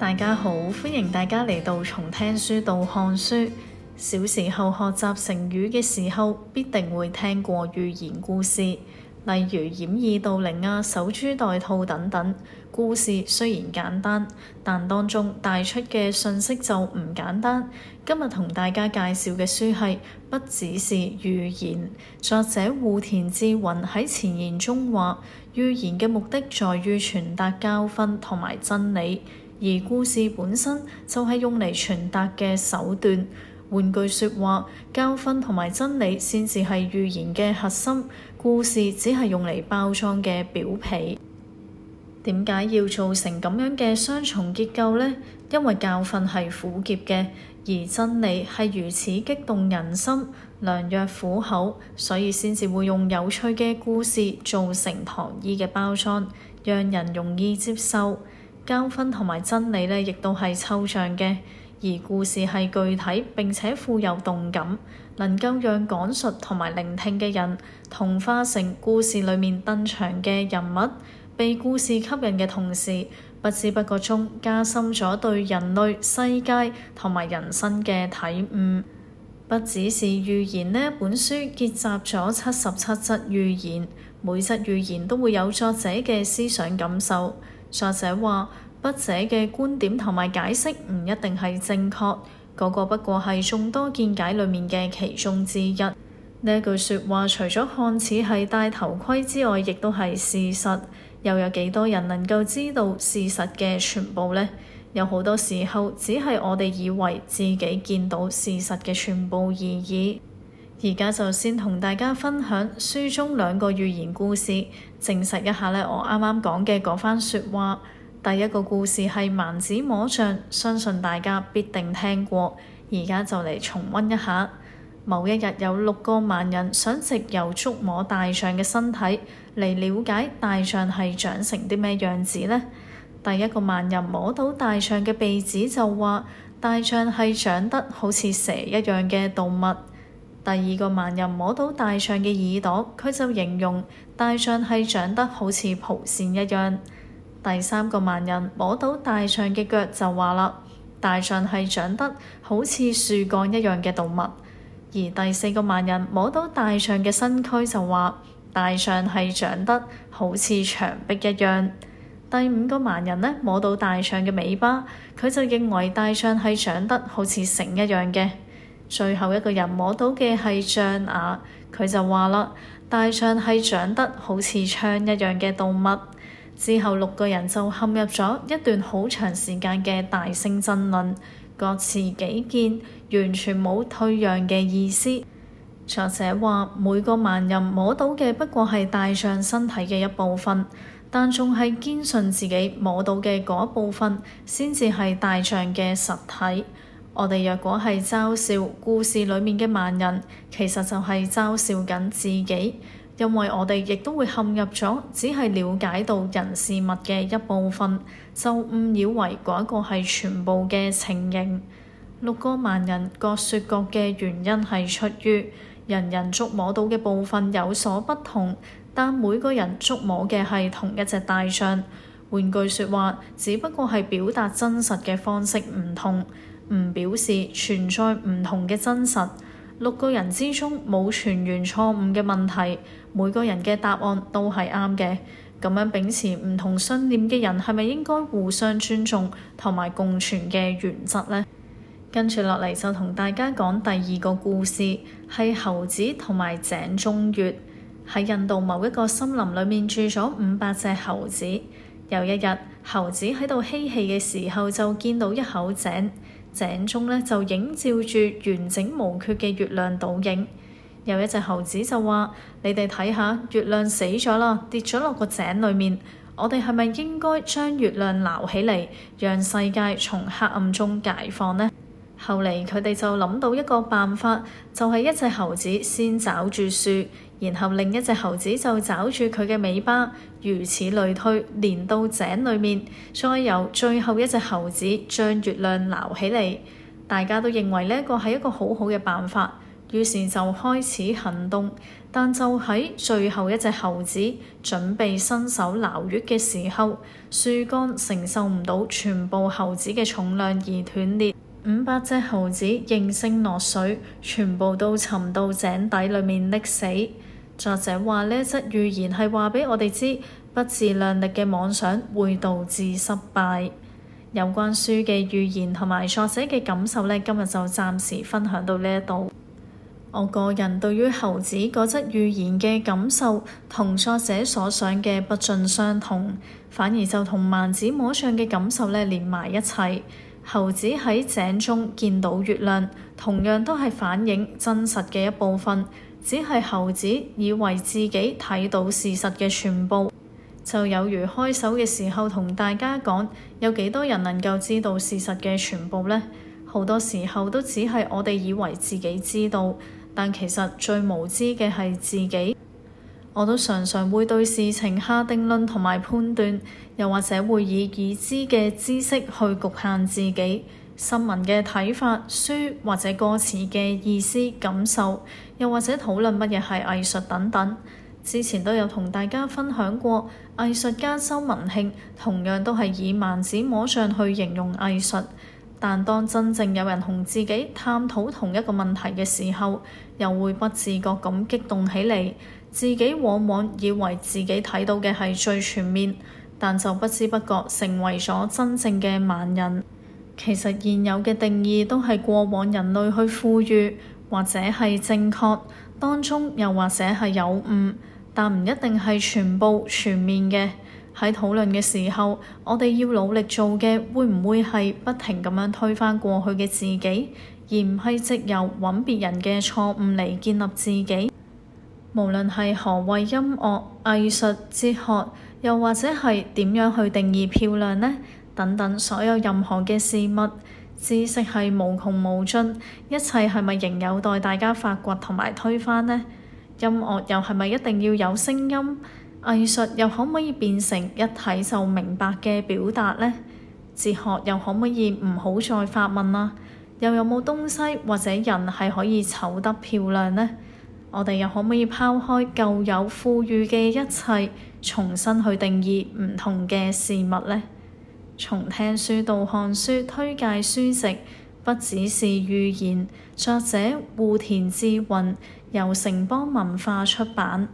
大家好，歡迎大家嚟到從聽書到看書。小時候學習成語嘅時候，必定會聽過寓言故事，例如掩耳盜鈴啊、守株待兔等等。故事雖然簡單，但當中帶出嘅信息就唔簡單。今日同大家介紹嘅書係不只是寓言。作者戶田志雲喺前言中話，寓言嘅目的在於傳達教訓同埋真理。而故事本身就係用嚟傳達嘅手段，換句說話，教訓同埋真理先至係寓言嘅核心，故事只係用嚟包裝嘅表皮。點解要造成咁樣嘅雙重結構咧？因為教訓係苦澀嘅，而真理係如此激動人心、良藥苦口，所以先至會用有趣嘅故事做成糖衣嘅包裝，讓人容易接受。交分同埋真理呢亦都係抽象嘅；而故事係具體並且富有動感，能夠讓講述同埋聆聽嘅人同化成故事裏面登場嘅人物，被故事吸引嘅同時，不知不覺中加深咗對人類世界同埋人生嘅體悟。不只是寓言咧，本書結集咗七十七則寓言，每則寓言都會有作者嘅思想感受。作者話：筆者嘅觀點同埋解釋唔一定係正確，嗰個不過係眾多見解裡面嘅其中之一。呢句説話，除咗看似係戴頭盔之外，亦都係事實。又有幾多人能夠知道事實嘅全部呢？有好多時候，只係我哋以為自己見到事實嘅全部而已。而家就先同大家分享書中兩個寓言故事，證實一下呢，我啱啱講嘅嗰番説話。第一個故事係《盲子摸象》，相信大家必定聽過。而家就嚟重温一下。某一日有六個盲人想藉由觸摸大象嘅身體嚟了解大象係長成啲咩樣子呢？第一個盲人摸到大象嘅鼻子就話，大象係長得好似蛇一樣嘅動物。第二個盲人摸到大象嘅耳朵，佢就形容大象係長得好似蒲扇一樣。第三個盲人摸到大象嘅腳就話啦，大象係長得好似樹幹一樣嘅動物。而第四個盲人摸到大象嘅身軀就話，大象係長得好似牆壁一樣。第五個盲人呢，摸到大象嘅尾巴，佢就認為大象係長得好似繩一樣嘅。最後一個人摸到嘅係象牙，佢就話啦：大象係長得好似槍一樣嘅動物。之後六個人就陷入咗一段好長時間嘅大聲爭論，各持己見，完全冇退讓嘅意思。作者話，每個盲人摸到嘅不過係大象身體嘅一部分，但仲係堅信自己摸到嘅嗰一部分先至係大象嘅實體。我哋若果係嘲笑故事裏面嘅盲人，其實就係嘲笑緊自己，因為我哋亦都會陷入咗，只係了解到人事物嘅一部分，就誤以為嗰一個係全部嘅情形。六個盲人各説各嘅原因係出於人人觸摸到嘅部分有所不同，但每個人觸摸嘅係同一隻大象。換句説話，只不過係表達真實嘅方式唔同。唔表示存在唔同嘅真實。六個人之中冇全員錯誤嘅問題，每個人嘅答案都係啱嘅。咁樣秉持唔同信念嘅人係咪應該互相尊重同埋共存嘅原則呢？跟住落嚟就同大家講第二個故事，係猴子同埋井中月。喺印度某一個森林裏面住咗五百隻猴子。有一日，猴子喺度嬉戲嘅時候，就見到一口井。井中呢，就映照住完整無缺嘅月亮倒影，有一隻猴子就話：你哋睇下，月亮死咗啦，跌咗落個井裡面，我哋係咪應該將月亮撈起嚟，讓世界從黑暗中解放呢？後嚟佢哋就諗到一個辦法，就係一隻猴子先找住樹。然後另一隻猴子就抓住佢嘅尾巴，如此類推，連到井裏面，再由最後一隻猴子將月亮撈起嚟。大家都認為呢個係一個好好嘅辦法，於是就開始行動。但就喺最後一隻猴子準備伸手撈月嘅時候，樹幹承受唔到全部猴子嘅重量而斷裂，五百隻猴子應聲落水，全部都沉到井底裏面溺死。作者話呢則寓言係話俾我哋知，不自量力嘅妄想會導致失敗。有關書嘅寓言同埋作者嘅感受呢，今日就暫時分享到呢一度。我個人對於猴子嗰則寓言嘅感受，同作者所想嘅不盡相同，反而就同盲子摸象嘅感受咧連埋一齊。猴子喺井中見到月亮，同樣都係反映真實嘅一部分。只係猴子以為自己睇到事實嘅全部，就有如開手嘅時候同大家講，有幾多人能夠知道事實嘅全部呢？好多時候都只係我哋以為自己知道，但其實最無知嘅係自己。我都常常會對事情下定論同埋判斷，又或者會以已知嘅知識去局限自己。新聞嘅睇法、書或者歌詞嘅意思、感受，又或者討論乜嘢係藝術等等，之前都有同大家分享過。藝術家周文慶同樣都係以盲子摸象去形容藝術，但當真正有人同自己探討同一個問題嘅時候，又會不自覺咁激動起嚟。自己往往以為自己睇到嘅係最全面，但就不知不覺成為咗真正嘅盲人。其實現有嘅定義都係過往人類去賦予，或者係正確，當中又或者係有誤，但唔一定係全部全面嘅。喺討論嘅時候，我哋要努力做嘅，會唔會係不停咁樣推翻過去嘅自己，而唔係藉由揾別人嘅錯誤嚟建立自己？無論係何謂音樂、藝術、哲學，又或者係點樣去定義漂亮呢？等等，所有任何嘅事物知識係無窮無盡，一切係咪仍有待大家發掘同埋推翻呢？音樂又係咪一定要有聲音？藝術又可唔可以變成一睇就明白嘅表達呢？哲學又可唔可以唔好再發問啦、啊？又有冇東西或者人係可以醜得漂亮呢？我哋又可唔可以拋開舊有賦予嘅一切，重新去定義唔同嘅事物呢？從聽書到看書，推介書籍不只是寓言。作者戶田志宏，由城邦文化出版。